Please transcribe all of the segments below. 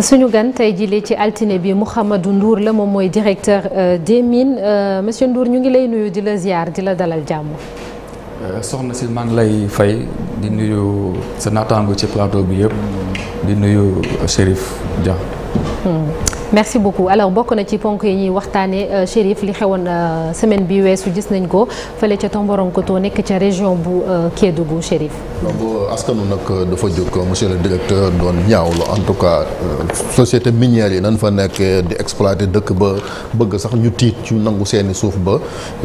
suñu gan tey jii ci altine bi Mouhamadou nduur la moom mooy directeur euh, des mines euh, monsieur Ndour ñu ngi lay nuyu di la ziar di la dalal jàmm. Euh, soxna si maa ngi lay fay di nuyu sa naataango ci plateau bi yëpp di nuyu Chérif Dia. Hmm. merci beaucoup alors bokk na ci ponk yi ñuy waxtaanee euh, Chérif li xewoon euh, semaine bi weesu gis nañ ko fële ca Tomboronkoto nekk ca région bu euh, Kédougou Chérif. donc askanu nag dafa jóg monsieur le directeur doon ñaawlu en tout cas société minière yi nan fa nekkee di exploiter dëkk ba bëgg sax ñu tiit ci nangu seeni suuf ba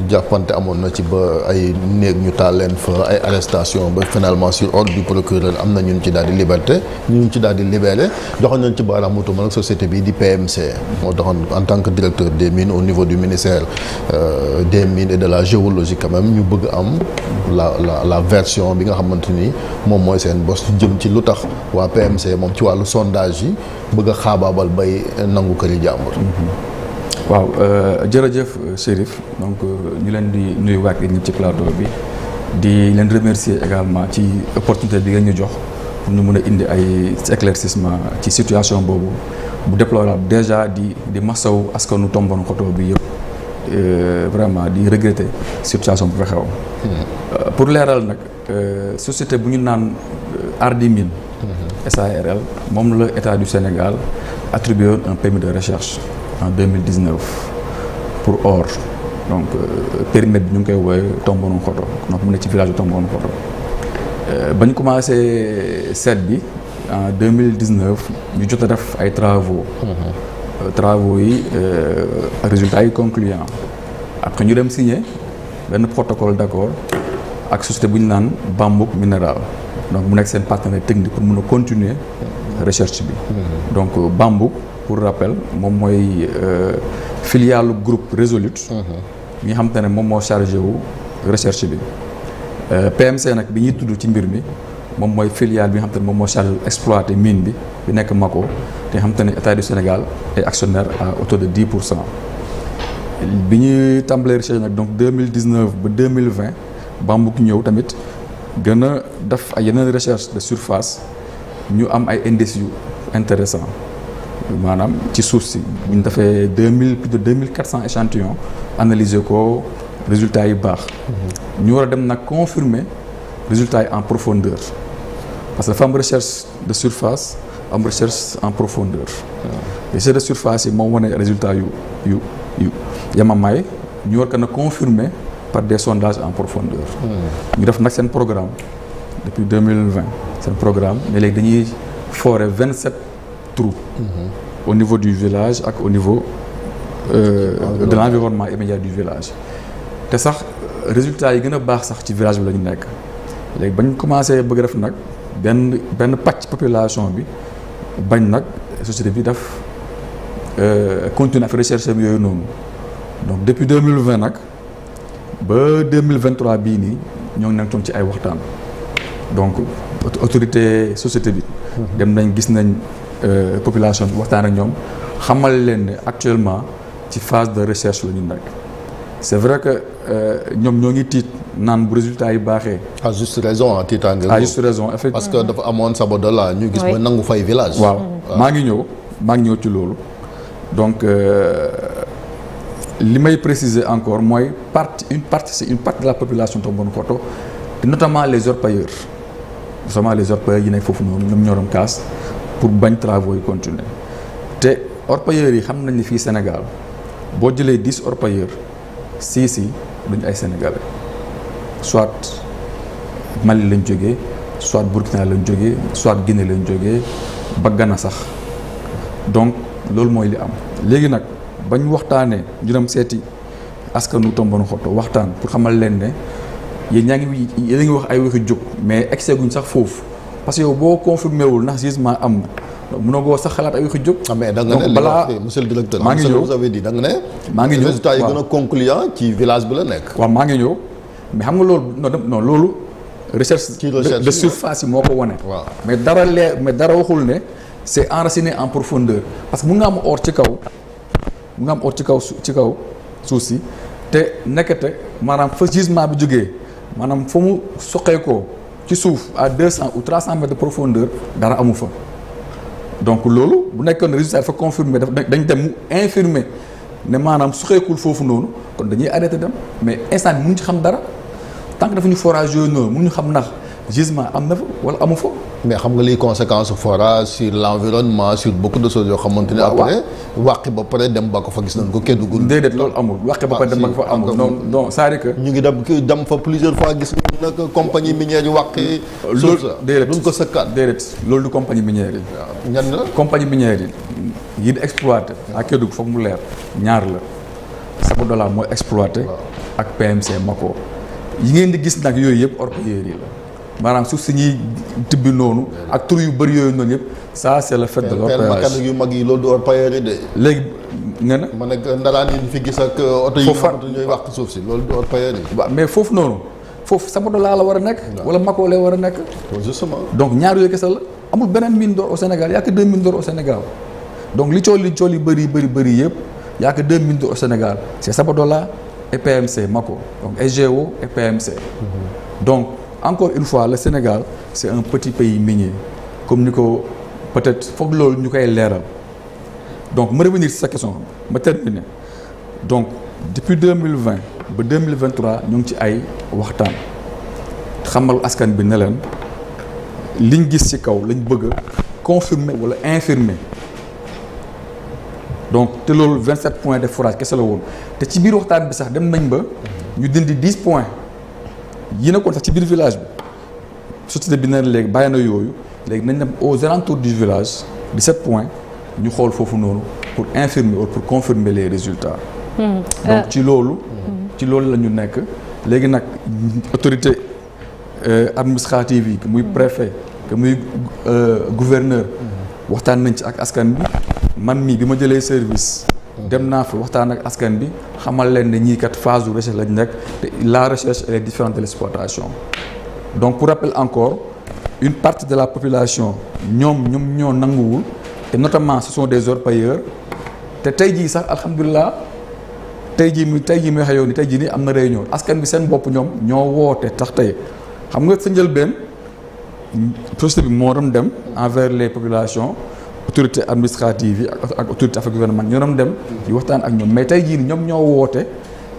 jàppante amoon na ci ba ay néeg ñu taal leen fa ay arrestation ba finalement sur ordre procureur am na ñu ñun ci daal di liberté ñun ci daal di libéré joxoon nañ ci baaraamu bi MDC moo taxoon en tant que directeur des mines au niveau du ministère euh, des mines et de la géologie quand ñu bëgg am la la la version bi nga xamante ni moom mooy seen bos jëm ci lu tax waa PMC moom ci wàllu sondage yi bëgg a xaabaabal bay nangu këri jàmbur. Mm-hmm. waaw euh, jërëjëf euh, Chérif donc euh, ñu leen di nuyuwaat ak ñi ci plateau bi di leen remercier également ci opportunité bi nga ñu jox pour ñu mën a indi ay éclaircissement ci situation boobu. bu déplorable déjà di di masaw askanu tomboon koto bi yëpp vraiment di regretter situation bu fa xew euh, pour leeral nag euh, société bu ñu naan euh, ardi Ardimine mm-hmm. SARL moom la état du Sénégal attribué un permis de recherche en 2019 pour or donc périmètre bi ñu ngi koy woowe Tomboronkoto donc mu ne ci village Tomboronkoto ba ñu commencé seet bi en deux mille dix neuf ñu jot a def ay travaux. Euh, travaux yi euh, résultats yi concluant après ñu dem signer benn protocole d' accord ak société bu ñu naan Bambouk Minéral donc mu nekk seen partenaire technique pour mun a continuer recherche bi. donc Bambouk pour rappel moom mooy euh, filiale groupe résolute mi nga xam te ne moom moo chargé wu recherche bi. PMC nag bi ñuy tudd ci mbir mi. moom mooy filiale bi nga xam te moom moo chargé exploité mine bi bi nekk ma ko te nga xam te ne état du Sénégal est actionnaire à de 10 pour cent bi ñuy tàmbalee recherche nag donc 2019 ba 2020 Bambouk ñëw tamit gën a def ay yeneen recherche de surface ñu am ay indices yu intéressant maanaam ci suuf si bu ñu defee 2000 plus de 2400 échantillons analyser ko résultat yi baax mhm. ñu war a dem nag confirmer résultats yi en profondeur parce que dafa am recherche de surface am recherche en profondeur euh, recherche de surface yi moom wane résultat yu yu yu yamamaay ñu war ko na confirmer par des sondages en profondeur hmm. ñu def nag seen programme depuis 2020 seen programme ne léegi dañuy foore vingt 27 trous hmm. au niveau du village ak au niveau euh, de l'environnement immédiat du village te sax résultat yi gën a baax sax ci village bi la ñu nekk léegi bañ commencé bëgg def nag benn benn pàcc population bi bañ nag société bi daf euh, continuer affaire recherche bi yooyu noonu donc depuis deux mille vingt nag ba deux mille vingt bii nii ñoo ngi nekkoon ci ay waxtaan donc autorité société bi. dem nañ gis nañ euh, population bi waxtaan ak ñoom xamal leen ne actuellement ci phase de recherche la ñu nekk c'est vrai Euh, ñoom ñoo ngi tiit naan bu résultat yi baaxee. à juste raison ah tiitaange. à juste raison effectivement parce que dafa amoon Sabodala ñu gis ba nangu fay village. waaw maa ngi ñëw maa ngi ñëw ci loolu donc euh, li may préciser encore mooy parti une partie c'est une partie de la population Tomboronkoto notamment les orpailleurs notamment les orpailleurs yi nekk foofu noonu ñoom ñoo doon kaas pour bañ travaux yi continuer te orpailleurs yi xam nañ ni fi Sénégal boo jëlee dix orpailleurs six yi duñ ay sénégalais soit Mali lañ jóge soit Burkina lañ jóge soit Guinée lañ jóge baggana sax donc loolu mooy li am. léegi nag bañ waxtaanee ñu dem seeti askanu Tombon Xoto waxtaan pour xamal leen ne yéen ñaa ngi yéen a ngi wax ay waxi jóg mais excès guñ sax foofu parce que yow boo confirmé wul ndax gisement am no ko sax xalaat ay waxi jóg. Ah, mais da nga ne balaa monsieur le directeur. maa ngi ñëw vous avez dit da nga ne. maa ngi ñëw bi la nekk. waaw maa ngi ñëw mais xam nga loolu non non loolu. recherche de surface yi moo ko wane. mais dara lee mais dara waxul ne c' est enraciné en profondeur parce que mun nga am or ci kaw mun nga am or ci kaw ci kaw suuf si te nekkate maanaam fa gisement bi jógee maanaam fa mu soqeekoo ci suuf à deux cent ou trois cent mètres de profondeur dara amu fa. donc loolu bu nekkoon résultat dafa confirmé dañ dem mu infirmé ne maanaam su foofu noonu kon dañuy arrêté dem mais instant mu mënuñu ci xam dara tant que dafa ñu forage yooyu noonu ñu xam ndax gisement am na fa wala amu fa. mais xam nga liy conséquence forage sur l' environnement sur beaucoup de choses yoo xamante ni après wàqi ba pare dem ba ko fa gis nañ ko Kédougou. déedéet loolu amul wàqi ba pare dem ba ko fa amul. non non c'est-à-dire que. ñu ngi dem dem fa plusieurs fois gis nañ nag compagnie minière yi wàqi. loolu déedéet ko ko sëkkaat déedéet. loolu du compagnie minière yi. ñan la compagnie minière yi. yi di exploité. à Kédougou foog mu leer ñaar la. Sabodala mooy exploité. ak PMC ko yi ngeen di gis nag yooyu yëpp orpailleurs maanaam suuf si ñuy tibbi noonu ak tur yu bëri yooyu noonu yëpp ça c'est le fait de yu mag yi loolu du orpailleur yi de léegi nga ne ma ne ndalaan yi fi gis ak euh, oto yi nga ñooy wàq suuf si loolu du orpailleur mais foofu noonu foofu Sabodala laa la war a nekk wala Makole war a nekk justement donc ñaar yooyu kese la amul beneen mine d'or au Sénégal yaa que deux mines au Sénégal donc li cool li cool yi bëri bëri bëri yëpp yaa que deux mines d'or au Sénégal c'est Sabodala et PMC Mako donc SGO et mm-hmm. donc encore une fois le Sénégal c'est un petit pays minier comme ni ko peut-être foog loolu ñu koy leeral donc ma revenir si sa question ma terminer donc depuis deux mille vingt ba deux mille vingt trois ngi ci ay waxtaan xamal askan bi ne leen liñ gis ci kaw lañ bëgg a confirmer wala infirmer donc te loolu vingt sept points de forage kese la woon te ci biir waxtaan bi sax dem nañ ba ñu dindi dix points. yi nekkoon sax ci biir village bi société bi na léegi bàyyi na yooyu léegi nañ dem aux alentours du village 17 points ñu xool foofu noonu pour infirmer ou pour les résultats. Hmm. Euh, ci loolu. Hmm. ci loolu la ñu nekk léegi nag autorité euh, administrative yi que muy hmm. préfet que muy euh, gouverneur waxtaan nañ ci ak askan bi man mii bi ma jëlee service. dem naa fi waxtaan ak askan bi xamal leen ne ñii kat phase de recherche lañ nekk te la recherche elle est différente de l'exploitation donc pour rappel encore une partie de la population ñoom ñoom ñoo nanguwul te notamment ce sont des orpailleurs te tey jii sax alhamdulilah tey jii muy tey jii muy xëyoon ni tey jii nii am na réunion askan bi seen bopp ñoom ñoo woote tax tey xam nga sa benn société bi moo doon dem envers les populations. autorité administrative yi ak autorité affaire gouvernement ñoo doon dem di waxtaan ak ñoom mais tey jii ñoom ñoo woote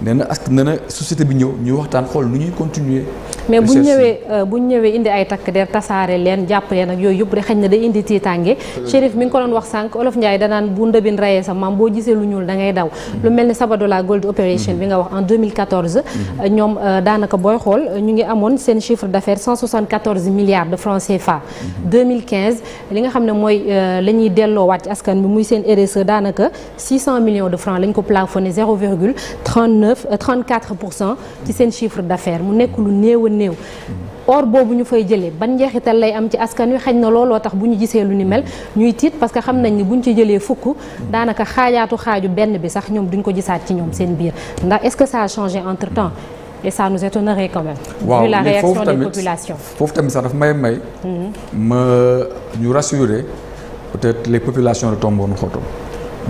nee na ask nee na société bi ñëw ñuy waxtaan xool nu ñuy continuer mais bu ñëwee euh, bu ñëwee indi ay takk der tasaare leen jàpp leen ak yooyu yëpp rek xëy na day indi tiitaange Chérif mi ngi ko doon wax sànq Olof Ndiaye danaan bu ndëbin rayee sa maam boo gisee lu ñuul da daw mm-hmm. lu mel ni Sabadola Gold Operation bi nga wax en mm-hmm. ñoom euh, daanaka booy xool ñu ngi amoon seen chiffre d'affaires 174 milliards de francs CFA 2015 mm-hmm. xam ne mooy euh, la ñuy delloowaat ci askan bi muy seen RSE daanaka 600 millions de francs lañ ko plafonné 0 virgule 39 34 pour cent ci seen chiffre d'affaires mu nekk lu néew néew or boobu ñu fay jëlee ban njeexital lay am ci askan wi xañ na looloo tax bu ñu gisee lu ni mel ñuy tiit parce que xam nañ ni buñ ci jëlee fukk daanaka xaajaatu xaaju benn bi sax ñoom duñ ko gisaat ci ñoom seen biir ndax est-ce que ça a changé entre temps et ça nous étonnerait quand waaw la réaction des populations foofu tamit sax daf may may. Mhm. ma ñu rassurer peut-être les populations de Tombourne Khoto.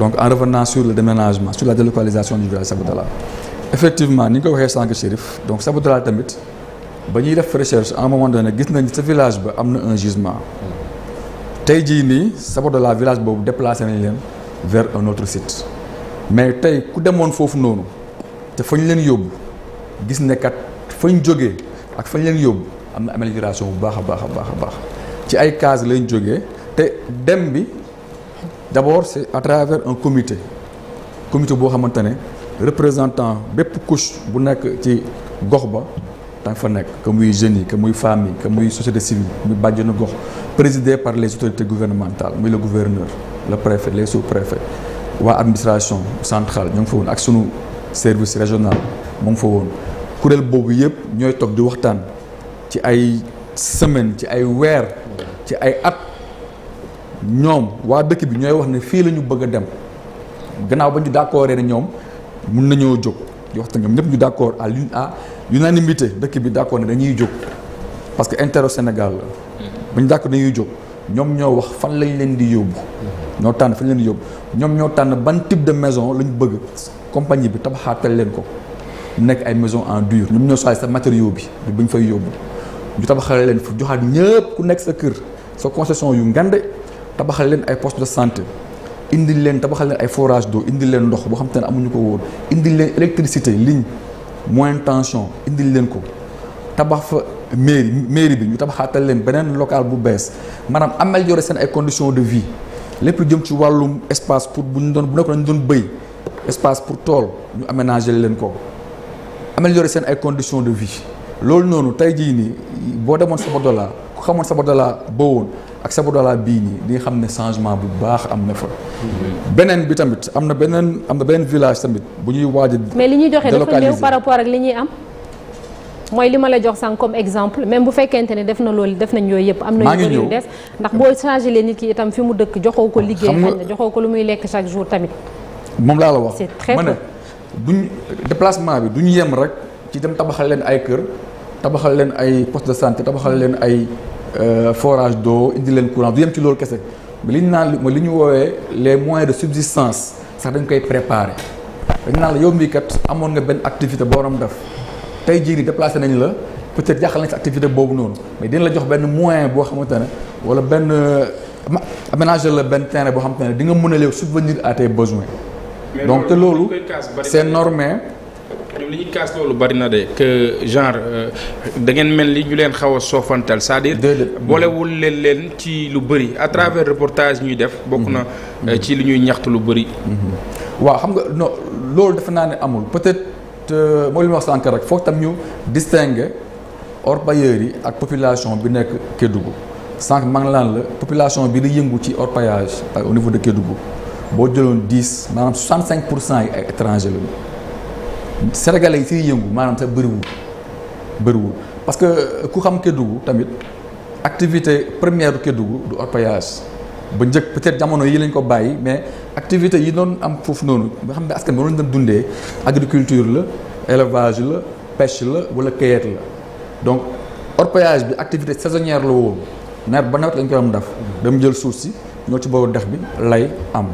donc en revenant sur le déménagement sur la délocalisation du village Sabodala ko waxee sànq Chérif ba ñuy def recherche en un moment donné gis nañ sa village ba am na un gisement tey jii nii de la village boobu déplacé nañ leen vers un autre site mais tey ku demoon foofu noonu te fa ñu leen yóbbu gis ne kat fa ñu jógee ak fa ñu leen yóbbu am na amélioration bu baax a baax a baax a baax ci ay cases lañ jógee te dem bi d'abord c'est à travers un comité comité boo xamante ne représentant bépp couche bu nekk ci gox ba. tant que fa nekk que muy jeunes yi que muy femmes yi que muy société civile muy bàjjenu gox présidé par les autorités gouvernementales muy le gouverneur le préfet les sous-préfets waa administration centrale ñoo fa woon ak sunu service régional moo ngi fa woon kuréel boobu yëpp ñooy toog di waxtaan ci ay semaine ci ay weer ci ay at ñoom waa dëkk bi ñooy wax ne fii la ñu bëgg a dem gannaaw ba ñu d' ñoom mun nañoo jóg di waxtaan ñoom ñëpp ñu d' accord à unanimité dëkk bi d'accord na dañuy jóg parce que intérêt Sénégal la bu ñu d'accord dañuy jóg ñoom ñoo wax fan lañ leen di yóbbu ñoo tànn fan leen di yóbbu ñoom ñoo tànn ban de maison lañ bëgg compagnie bi tabaxaatal leen ko nekk ay maison en dure ñoom ñoo soxla sa matério bi bu ñu fay yóbbu ñu tabaxale leen fu joxaat ñëpp ku nekk sa kër sa concession yu ngande tabaxal leen ay poste de santé indil leen tabaxal leen ay forage doo indi leen ndox boo xam te ne amuñu ko woon indi leen électricité ligne moins tension indil leen ko tabax fa mairie mairie bi ñu tabaxaatal leen beneen local bu bees maanaam améliorer seen ay conditions de vie lépp jëm ci wàllum espace pour bu ñu doon bu nekkoon ñu doon bëy espace pour tool ñu aménager leen ko améliorer seen ay conditions de vie loolu noonu tey jii nii boo demoon Sabodala ku xamoon Sabodala ba woon ak Sabodala bii nii di xam ne changement bu baax am na fa. beneen bi tamit am na beneen am na beneen village tamit bu ñuy waaj mais li ñuy joxe dafa néew par rapport ak li ñuy am. mooy li ma la jox sànq comme exemple même bu fekkente ne def na loolu def nañ yooyu yëpp. am na ñu bëri des ndax boo changé leen nit ki itam fi mu dëkk joxoo ko liggéey. xam nga joxoo ko lu muy lekk chaque jour tamit. moom laa la wax c'est très ne duñ déplacement bi du ñu yem rek ci dem tabaxal leen ay kër tabaxal leen ay poste de santé tabaxal leen ay. Euh, forage doo indi leen courant du yem ci loolu kese mais li ñu naan li ñu woowee les moyens de subsistance sax dañ koy préparer dañ naan la yow mii amoon nga benn activité boo waroon def tey jii nii nañ la peut-être jaaxal nañ sa activité boobu noonu mais dina la jox benn moyen boo xamante ne wala benn aménager la benn terrain boo xamante ne di nga mën a léew subvenir à tes besoins. donc te loolu c'est normé. ñoom li ñuy kaas lu bari na de que genre euh, da ngeen mel ni ñu leen xaw a soofantal c'est-à-dire. boolewul leen leen ci lu bëri à travers reportage ñuy def. bokk na mm-hmm. euh, ci li ñuy ñaxt lu bëri. Mm-hmm. waaw xam nga non loolu defe naa ne amul peut-être euh, mooy li ma wax sànq rek foog tam ñu distinguer orpailleurs yi ak population bi nekk Kédougou sànq maa ngi laan la population bi di yëngu ci orpaillage au niveau de Kédougou boo jëloon dix maanaam soixante cinq pour cent yi ay étranger lañu. sénégalais yi siy yëngu maanaam sax bëriwul bëriwul parce que euh, ku xam Kédougou tamit activité première Kédougou du orpaillage ba njëkk peut-être jamono yi lañ ko bàyyi mais activité yi doon am foofu noonu nga xam ne askan bi noonu doon dundee agriculture la élevage la pêche la wala cueillette la donc orpaillage bi activité saisonnière la woon nawet ba nawet lañ ko am def. dam jël suuf si ñoo ci boobu dex bi lay am.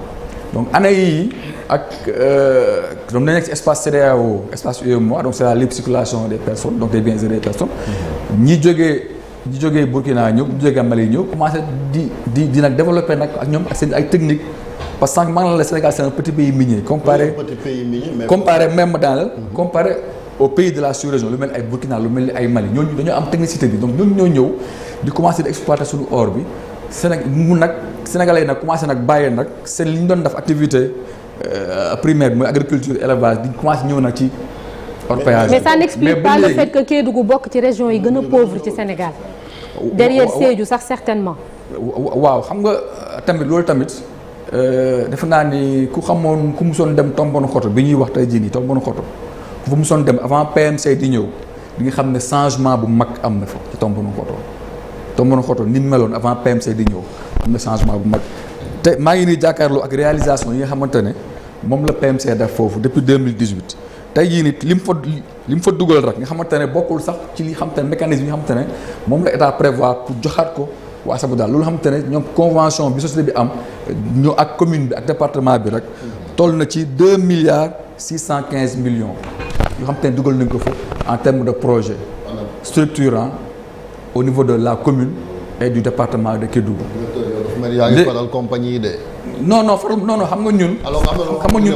donc ana yi ak ñoom euh, dañu nekk ci espace CEDEAO espace UEMOA ah, donc c'est la libre circulation des personnes donc des biens et des personnes mm-hmm. ñi jógee ñi jógee Burkina ñëw ñi commencé di di développé nag ak ñoom ak technique parce que sànq maa ngi la le Sénégal c'est un petit pays minier comparé même dans le mm-hmm. comparé au pays de la sous-région lu mel ay Burkina lu mel ni ay Mali ñooñu dañoo am technicité bi donc ñooñu ñoo ñëw di commencé di exploiter suñu or bi Sénégal mu nag sénégalais yi nag commencé nag bàyyee nag seen li ñu doon def activité euh, primaire mooy agriculture élevage di commencé ñëw nag ci orpaillage mais ça n'explique pas le fait que Kédougou bokk ci région yi gën a pauvre ci Sénégal derrière Sédhiou sax certainement waaw xam nga euh, tamit loolu tamit euh, defe naa ni ku xamoon ku musoon dem Tombonou Koto bi ñuy wax tey jii nii Tombonou Koto ku fa musoon dem avant PMC di ñëw di nga xam ne changement bu mag am na fa ci Tombonou Koto Tombonou Koto ni meloon avant PMC di ñëw am bu mag te maa ngi nii jàkkaarloo ak réalisation yi nga xamante ne moom la PMC def foofu depuis 2018 tey jii nit li mu fa li mu fa dugal rek nga xamante ne bokkul sax ci li xamante ne mécanisme yi nga xamante ne moom la état prévoir pour joxaat ko waa Sabodala loolu xamante ne ñoom convention bi société bi am ñoo ak commune bi ak département bi rek toll na ci 2 cent quinze millions yoo xamante ne dugal nañ ko fa en terme de projet structurant au niveau de la commune et du département de Kédougou tamit yaa ngi faral compagnie yi de. non non faral non non xam nga ni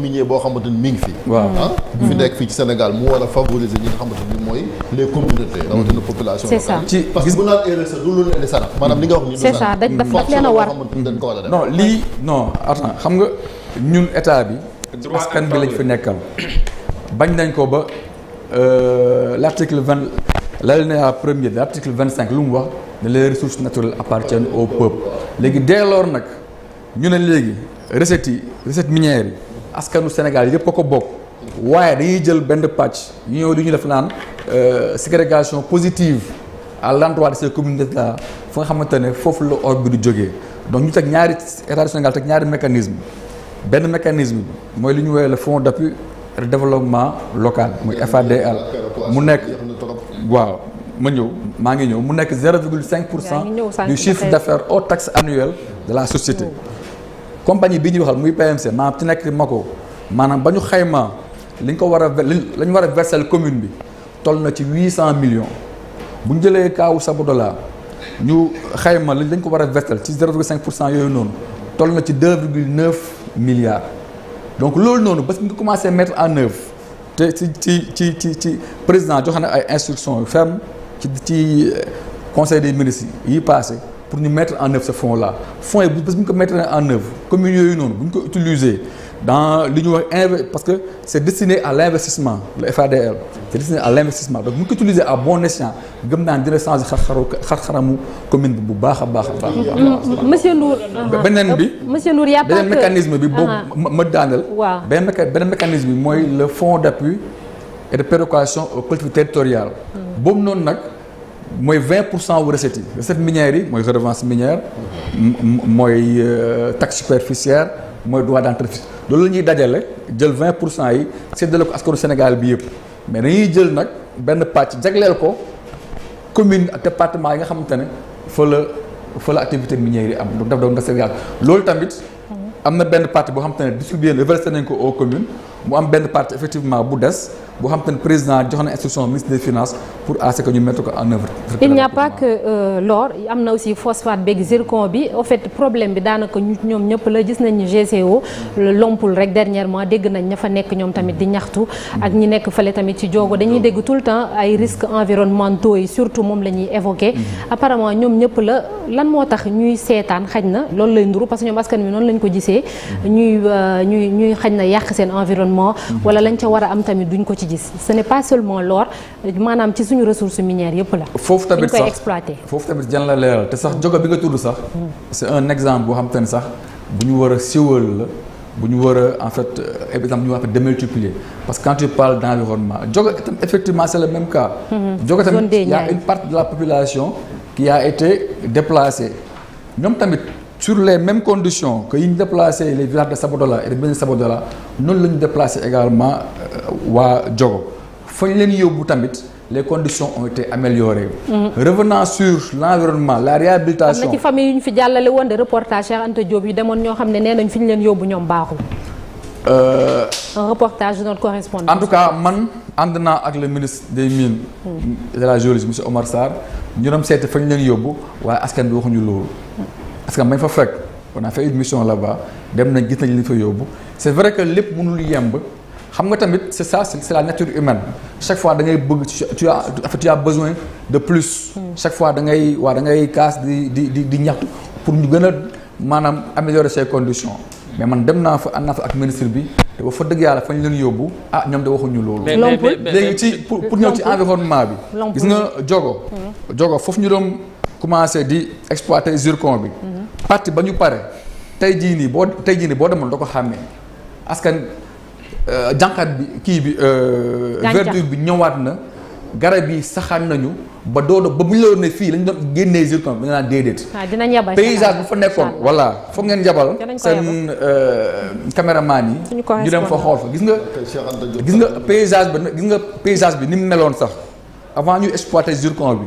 mi ngi fi. waaw ah, fi mm-hmm. nekk fii ci Sénégal mooy les communautés. rawatina mm-hmm. population locale. ci parce que bu naan RSE du lu leen di sarax. maanaam li nga wax ñu. c'est ça dañ daf leen a war dañ ko war a def. non lii non attends xam nga ñun état bi. askan bi lañ fi nekkal. bañ nañ ko ba euh, l'article vingt l'alinéa premier lu mu wax. ne les ressources naturelles appartiennent au peuple léegi dès nag ñu ne léegi recettes yi recettes minières yi askanu Sénégal yëpp ko ko bokk waaye dañuy jël benn pàcc ñu ñëw di ñu def naan euh, ségrégation positive à l'endroit de ces communautés là fa nga xamante ne foofu la or bi du jógee donc ñu teg ñaari état Sénégal teg ñaari mécanisme benn mécanisme mooy li ñu woowee le fonds depuis développement locale muy FADL mu nekk waaw ma ñëw maa ngi ñëw mu nekk 0,5 pour cent du chiffre d'affaires hors taxe annuelle de la société oh. compagnie bi ñuy waxal muy PMC maanaam ci nekk ma ko maanaam ba ñu xayma li ñu ko war a la ñu war a versel commune bi toll na ci 800 millions bu ñu jëlee kaawu Sabodala ñu xayma li dañ ko war a versel ci 0,5 pour cent yooyu noonu toll na ci 2,9 milliards donc loolu noonu bés bu ñu commencé mettre en œuvre te ci ci ci ci ci président joxe na ay instructions fermes ci ci conseil des ministres yi passé pour ñu mettre en œuvre ce fonds là fonds yi bu ñu ko mettre en œuvre communes yooyu noonu bu ñu ko utiliser dans li ñuy wax inve que est destiné à l' investissement le FADL c' est destiné à l' investissement donc bu ñu ko utiliser à bon escient gëm naa dina changer xar commune bi bu baax a baax a baax. Mm-hmm. Mm-hmm. monsieur Ndour. Uh-huh. beneen bi oh, monsieur Ndour y' beneen mécanisme bi boobu uh-huh. ma daaneel. waaw beneen mécanisme bi mooy le fonds d' appui et de péréquation aux collectivités boobu noonu nag mooy vingt pour cent wu recettes yi recettes minières yi mooy redevance minière mooy euh, taxe superficielle mooy droit d'entreprise loolu la ñuy dajale jël 20 pour cent yi seddale ko askanu Sénégal bi yëpp mais dañuy jël nag benn pàcc jagleel ko commune ak département yi nga xamante ne fa la fa la activité minière yi am donc daf doon Sénégal loolu tamit am na benn partie boo xamante ne distribué na versé nañ ko aux communes mu am benn partie effectivement bu des boo xam te ne président jox na instruction ministre des finances pour à ce que ñu mettre ko en œuvre. il n'y a pas que euh, l'or am na aussi phosphate beeg zircon bi en problème bi daanaka ñu ñoom ñëpp la gis nañu GCO lompul rek dernièrement dégg nañ ña fa nekk ñoom tamit di ñaxtu. ak ñi nekk fële tamit ci jogo dañuy dégg tout le temps ay risques environnementaux yi surtout moom la ñuy évoqué. Mm-hmm. apparemment ñoom ñëpp la lan moo tax ñuy seetaan xaj na loolu lay nduru parce mm-hmm. euh, mm-hmm. a am tamit gis ce n'est pas seulement l'or maanaam ci suñu ressource minière yëpp la. foofu tamit jan la leeral te sax jogo bi nga tudd sax. Hmm. c'est un exemple boo xam te sax bu ñu war a siwal la bu ñu war a en fait euh, exemple ñu war a démultiplier parce que quand tu parles d'environnement jogo itam effectivement c'est le même cas. Hmm. jogo tamit y a une partie de la population qui a été déplacée ñoom tamit. sur les mêmes conditions que yi ñu déplacé les villages de Sabodola et de Sabodola noonu la ñu déplacé également euh, waa Diogo fa leen yóbbu tamit les conditions ont été améliorées. Mmh. revenant sur l' la réhabilitation. am na famille yu ñu fi jàllale woon de reportage Cheikh Anta Diop yi demoon ñoo xam ne nee nañ fi ñu leen yóbbu ñoom baaxul. Euh, un reportage de notre correspondant. en tout cas man ànd naa ak le ministre des mines. Mmh. de la géologie monsieur Omar Sarr ñu dem seeti leen yóbbu waaye askan bi waxuñu loolu. parce que mañ fa fekk on a fait une mission là-bas dem na gis nañ li fa yóbbu c'est vrai que lépp mënul yemb xam nga tamit c'est ça c'est la nature humaine chaque fois da bëgg tu as en fait tu as besoin de plus. Hmm. chaque fois da ngay waa da ngay kaas di di di di ñaxtu pour ñu gën a maanaam améliorer ses conditions. mais man dem naa fa ànd naa fa ak ministre bi te ba fa dëgg yàlla fañ leen yóbbu ah ñoom de waxuñu loolu. léegi ci pour pour ñëw ci environnement bi. gis nga jogo jogo hmm. foofu ñu doon commencé di exploiter zircon bi. parti ba ñu pare tey jii nii boo tey jii nii boo demoon da ko xàmmee askan euh, jànqaat bi kii bi. Euh, verdure bi ñëwaat na. garab yi saxaan nañu ba doo ba bu ñu la ne fii lañ doon génnee zircon bi nga naan déedéet. waaw ah, dinañ yabal paysage bu fa nekkoon voilà foog ngeen yabal. seen euh, caméraman yi. ñu dem fa xool fa gis nga. gis nga paysage bi gis nga paysage bi ni mu neloon sax avant ñu exploité zircon bi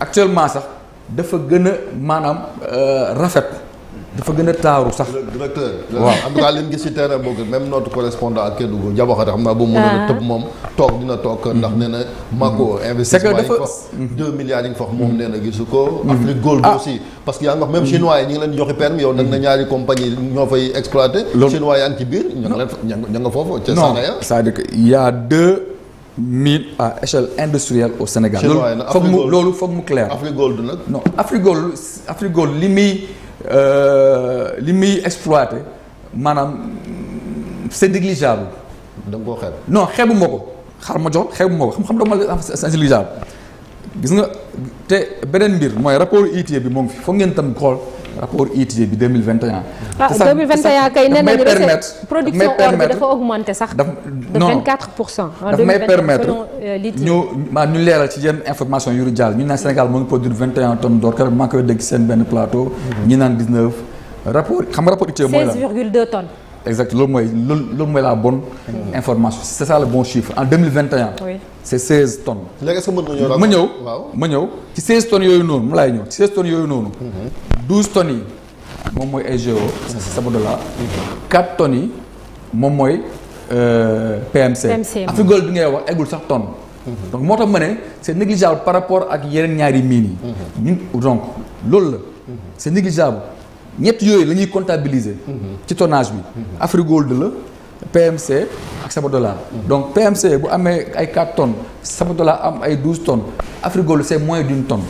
actuellement sax. dafa gën a maanaam euh, rafet dafa gën a taaru sax. directeur waaw en tout cas li ñu gis ci terrain boobu même notre correspondant ak Kédougou Diabakhate xam naa bu mu mënoon a ah. tëb moom toog dina toog. ndax nee na Mako. investissement yi fa 2 milliards yi nga fa moom nee na gisu ko. Mm-hmm. Afrique Gold ah. aussi. parce que yaa ngi wax même mm-hmm. chinois yi ñu ngi leen joxe permis yow nag na mm-hmm. ñaari compagnie ñoo fay exploité. loolu chinois yaa ngi ci biir. ña nga leen ña nga foofu ca Sanaya. non cest à a deux. mine à échelle industrielle au Sénégal. loolu foog mu loolu foog mu clair. Afrigold nag. non Afrigold Afrigold li muy euh, li muy exploité maanaam c'est négligeable. da nga koo xeeb. non xeebu ma ko xaar ma jox xeebu ma ko xam-xam dama la c'est négligeable gis nga te beneen mbir mooy rapport ITIE bi moom fi foog ngeen tam xool. rapport ITIE bi 2021. Ah, te sax 2021 kay nee nañu recette production or bi dafa augmenté sax. daf de 24 pour cent. en 2021 may permettre euh, ñu maanaam ñu leeral ci yenn information yu jàll ñu naan Sénégal mu ngi produire 21 tonnes d'or keroog maa ngi koy dégg seen benn plateau. ñu naan 19. rapport xam nga rapport ITIE mooy la 16,2 tonnes. exact loolu mooy loolu loolu mooy la bonne information c'est ça le bon chiffre en 2021. oui. c'est 16 tonnes. léegi est-ce que mën ma ñëw ma ñëw ci 16 tonnes yooyu noonu mu laay ñëw ci 16 tonnes yooyu noonu. 12 mhm. tonnes yi moom mooy ay GO. Sabodala 4 tonnes yi moom mooy euh, PMC. PMC Afigol bi ngay wax eggul sax tonne. Mhm. donc moo tax ma ne c'est négligeable par rapport ak yeneen ñaari mines yi. ñun mhm. donc loolu la. c'est négligeable ñett yooyu lañuy ñuy comptabiliser. ci tonnage bi. Afrigold la. PMC ak Sabodala donc PMC bu amee ay 4 tonnes Sabodala am ay 12 tonnes Afrigolu c'est moins d'une tonne.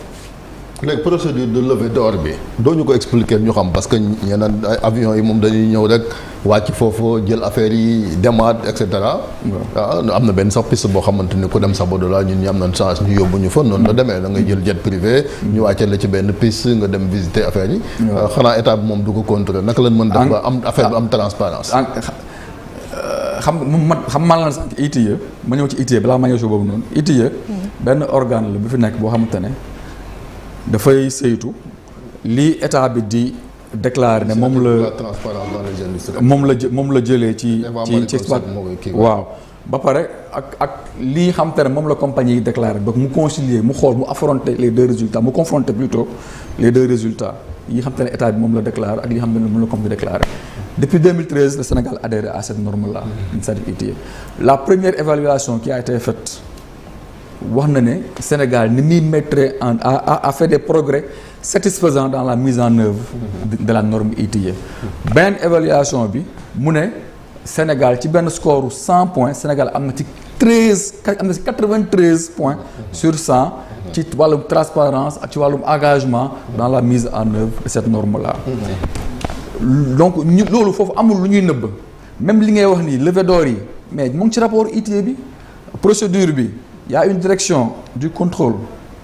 léegi procédure de levée or bi doo ñu ko expliquer ñu xam parce que ñeneen avion yi moom dañuy ñëw rek wàcc foofu jël affaire yi demaat et cetera. Ah, am na benn sax piste boo xamante ni ku dem Sabodala ñun ñu am nañ chance ñu yóbbu ñu fa noonu la demee da ngay jël jet privé. ñu wàcce la ci benn piste nga dem visiter affaire yi. Ah, xanaa état bi moom du ko contrôler naka lañ mën def ba am affaire bi am xam ma xam man la sànq ITIE ma ñëw ci ITIE balaa ma ñëw si boobu noonu ITIE hmm. benn organe la bu fi nekk boo xamante ne dafay saytu lii état bi di déclaré ne moom la moom la moom la jëlee ci ci ci waaw ba pare ak ak lii xam te ne moom la compagnie yi déclaré donc mu concilier mu xool mu affronter les deux résultats mu confronter plutôt les de résultat yi xam te ne état bi moom la déclaré ak li xam te ne moom la comme bi déclaré depuis 2013 le Sénégal adhéré à cette norme là initiative ITIE la première évaluation qui a été faite wax na ne Sénégal ni muy mettre en à a fait des progrès satisfaisants dans la mise en œuvre de la norme ITIE benn évaluation bi mu ne Sénégal ci benn score cent point Sénégal am na ci 13 am sur 100 ci wàllum transparence ak ci wàllum engagement dans la mise en œuvre de cette norme la donc loolu foofu amul lu ñuy nëbb même li ngay wax nii levée d'or yi mais mu ngi ci rapport ITIE bi procédure bi y une direction du contrôle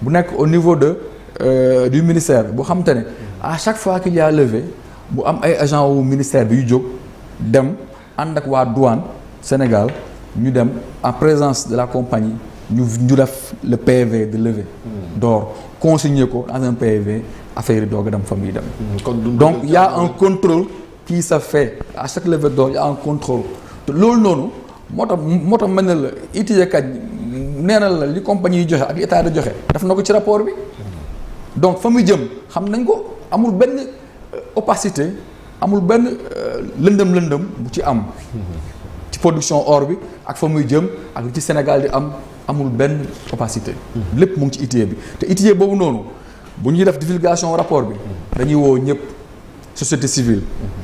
bu nekk au niveau de euh, du ministère bu xam te ne à chaque fois qu'il y a levé bu am ay agent wu ministère bi yu jóg dem ànd ak waa douane Sénégal ñu dem en présence de la compagnie ñu ñu def le PV de levée hmm. d'or consigné ko dans un PV affaire yi doog dem fa muy dem. Hmm, donc il y a un contrôle qui se fait à chaque levée d'or il y a un contrôle te loolu noonu moo tax moo tax mel na la itiyekat nee na la li compagnie yi joxe ak état de joxe def na ko ci rapport bi hmm. donc fa muy jëm xam nañ ko amul benn euh, opacité amul benn euh, lëndëm lëndëm bu ci am ci production or bi ak fa muy jëm ak li ci Sénégal di am amul benn opacité lépp mu ngi ci ITIE bi te ITIE boobu noonu bu ñuy def divulgation rapport bi dañuy woo ñëpp société civile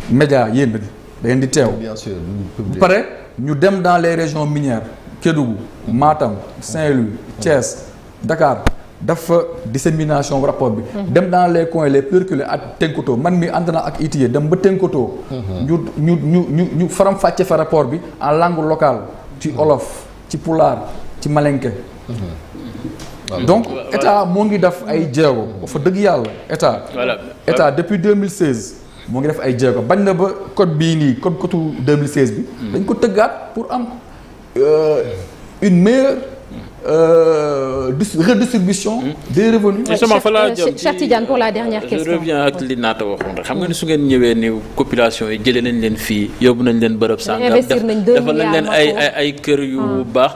média yéen da ngeen di teew bien sûr bu pare ñu dem dans les régions minières Kédougou Matam Saint-Louis Thiès Dakar dafa dissémination rapport bi mhm. dem dans les coins les plus ak Tenkoto man mi ànd naa ak ITIE dem ba Tenkoto mhm. ñu ñu ñu ñu ñu faram fàccee fa rapport bi à langue locale ci mhm. olof ci pulaar ci malenke mm-hmm. mm-hmm. donc état moo ngi def ay jéego mm-hmm. fa dëgg yàlla état état depuis 2016 moo ngi def ay jéego bañ na ba code bii nii code cotu 2016 bi dañ ko tëggaat pour am euh, une meilleure Euh, redistribution des revenus. justement fa laa euh, jëm Cheikh Tidiane pour la dernière question. ak li naata waxoon rek xam nga ni su ngeen ñëwee ni population yi jëlee nañ leen fii yóbbu nañ leen bërëb sàngam. investir nañ deux milliards nañ leen ay ay kër yu ah. baax.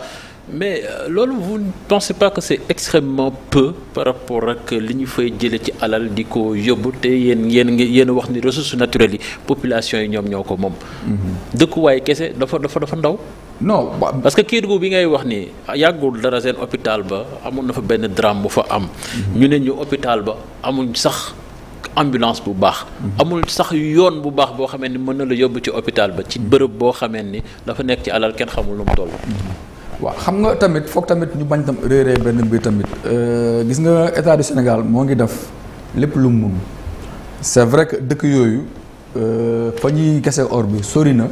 mais euh, loolu vous ne pensez pas que c'est extrêmement peu par rapport ak li ñu fay jëlee ci alal di ko yóbbu te yéen yéen ngi yéen wax ni ressource naturel yi population yi ñoom ñoo ko moom. Mhm. dëkkuwaay kese dafa dafa dafa ndaw. non parce que Kédougou bi ngay wax ni yàggul dara seen hôpital ba amoon na fa benn drame bu fa am. Mhm. ñu ne ñu hôpital ba amul sax. ambulance bu baax mhm. amul sax yoon bu baax boo xamee ni mën na la yóbbu ci hôpital ba ci bërëb boo xamee ni dafa nekk ci alal kenn xamul mu toll waaw xam nga tamit foog tamit ñu bañ tam réeree benn mbir tamit euh, gis nga état du Sénégal moo ngi def lépp lu mun c'est vrai que dëkk yooyu euh, fa ñuy gese or bi sori na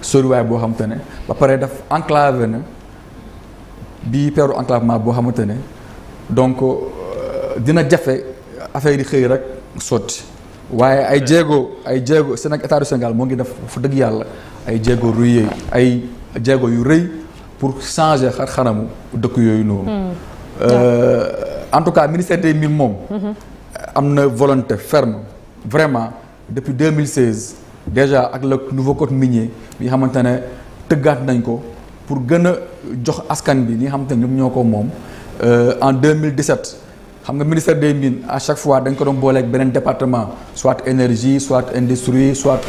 soriwaay boo xamante ne ba pare def enclavé na bi peeru enclavement boo xamante ne donc euh, dina jafe affaire yi xëy rek sotti waaye ay jéego ay jéego Sénégal état du Sénégal moo ngi def fa dëgg yàlla ay jéego ruyee ay jéego yu rëy. pour changer xar xaramu dëkk yooyu noonu. Hmm. Euh, en tout cas ministère des Mines moom. Mhm. am na volonté ferme vraiment depuis 2016 déjà ak le nouveau code minier bi nga ne tëggaat nañ ko pour gën a jox askan bi li nga xamante ne ñoom ñoo ko moom. Euh, en 2017 xam nga ministère des Mines à chaque fois dañ ko doon booleeg beneen département soit énergie soit industrie soit.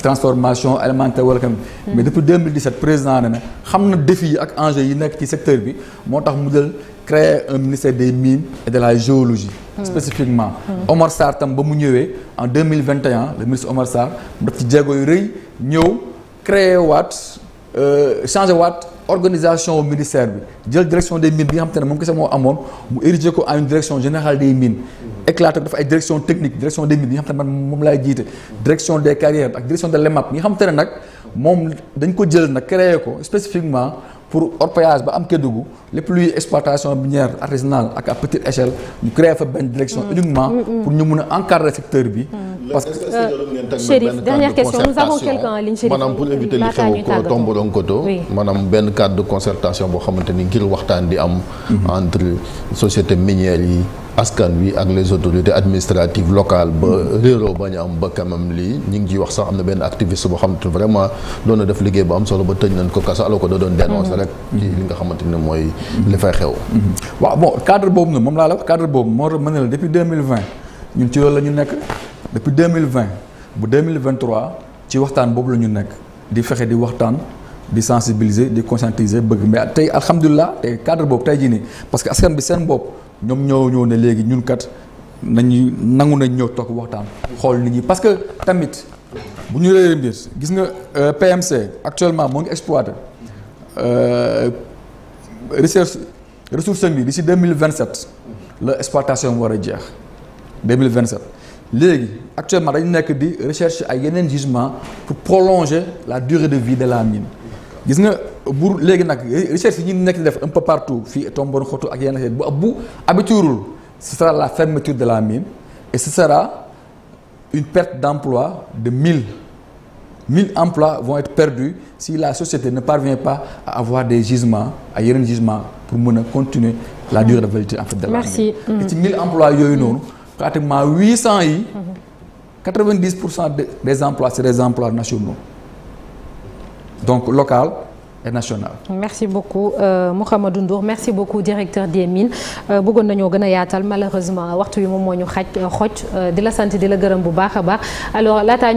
transformation alimentaire wala kam hmm. mais depuis 2017 président ne na xam na défi yi ak enjeu yi nekk ci secteur bi moo tax mu jël créer un ministère des mines et de la géologie mmh. spécifiquement mmh. tam ba mu ñëwee en 2021 le ministre Omar Sarr daf ci jéego yu rëy ñëw créer waat euh, changé waat organisation ministère bi jël direction de mines bi nga xam te ne moom kese moo amoon mu érigé ko en une direction générale des mines éclaté ko dafa ay direction technique direction des mines bi xam te ne moom laay jiite direction des carrières ak direction de l'EMAP bi xam te ne nag moom dañ ko jël nag créé ko spécifiquement pour orpaillage ba am Kédougou lépp luy exploitation minière artisanale ak à petite échelle ñu créé fa benn direction mm. uniquement mm, mm. pour ñu mun a encadrer secteur bi. parce que euh, Chérif dernière question nous avons quelqu'un en ligne Chérif maanaam pour éviter li xew ko Tomboronkoto maanaam benn cadre de concertation boo xamante ni ngir waxtaan di am. Mm-hmm. entre société minière yi. askan wi ak les autorités administratives locales ba réeroo bañ a am ba quand même lii ñu ngi ciy wax sax am na benn activiste boo xamante vraiment doon na def liggéey bu am solo ba tëj nañ ko kasa alors que da doon dénoncer rek mm-hmm. li nga xamante ne mooy li fay xew mm-hmm. waaw bon cadre boobu nga moom laa la wax cadre boobu moo tax ma ne la depuis 2020 ñun ci loolu la ñu nekk depuis 2020 bu 2023 ci waxtaan boobu la ñu nekk di fexe di waxtaan di sensibiliser di conscientiser bëgg mais tey alhamdulilah tey cadre boobu tey jii nii parce que askan bi seen bopp ñoom ñoo ñëw ne léegi ñun kat nañu nangu nañ ñëw toog waxtaan xool nit ñi parce que tamit bu ñu réeree mbir gis nga euh, PMC actuellement moo ngi exploité euh, recherche ressource bi d'ici deux mille vingt sept la exploitation war a jeex deux mille vingt sept léegi actuellement dañu nekk di recherche ay yeneen gisement pour prolonger la durée de vie de la mine gis nga. bu léegi nag recherche yi ñu nekk def un peu fii tomboon xotu ak yenn bu bu abiturul ce sera la fermeture de la mine et ce sera une perte d'emploi de mille mille emplois vont être perdus si la société ne parvient pas à avoir des gisements a yeneen gisements pour mën a continuer la mm. durée de validité en fait de la merci mine mm. ci mille emplois yooyu mm. noonu pratiquement huit cent yi mm-hmm. quatre-vingt-dix pour cent des emplois c'est des emplois nationaux donc local et merci beaucoup euh, Mouhamadou Ndour merci beaucoup directeur des mines euh, bëggoon nañoo gën a yaatal malheureusement waxtu wi moom moo ñu xaj xoj euh, di la sant di la gërëm bu baax a baax alors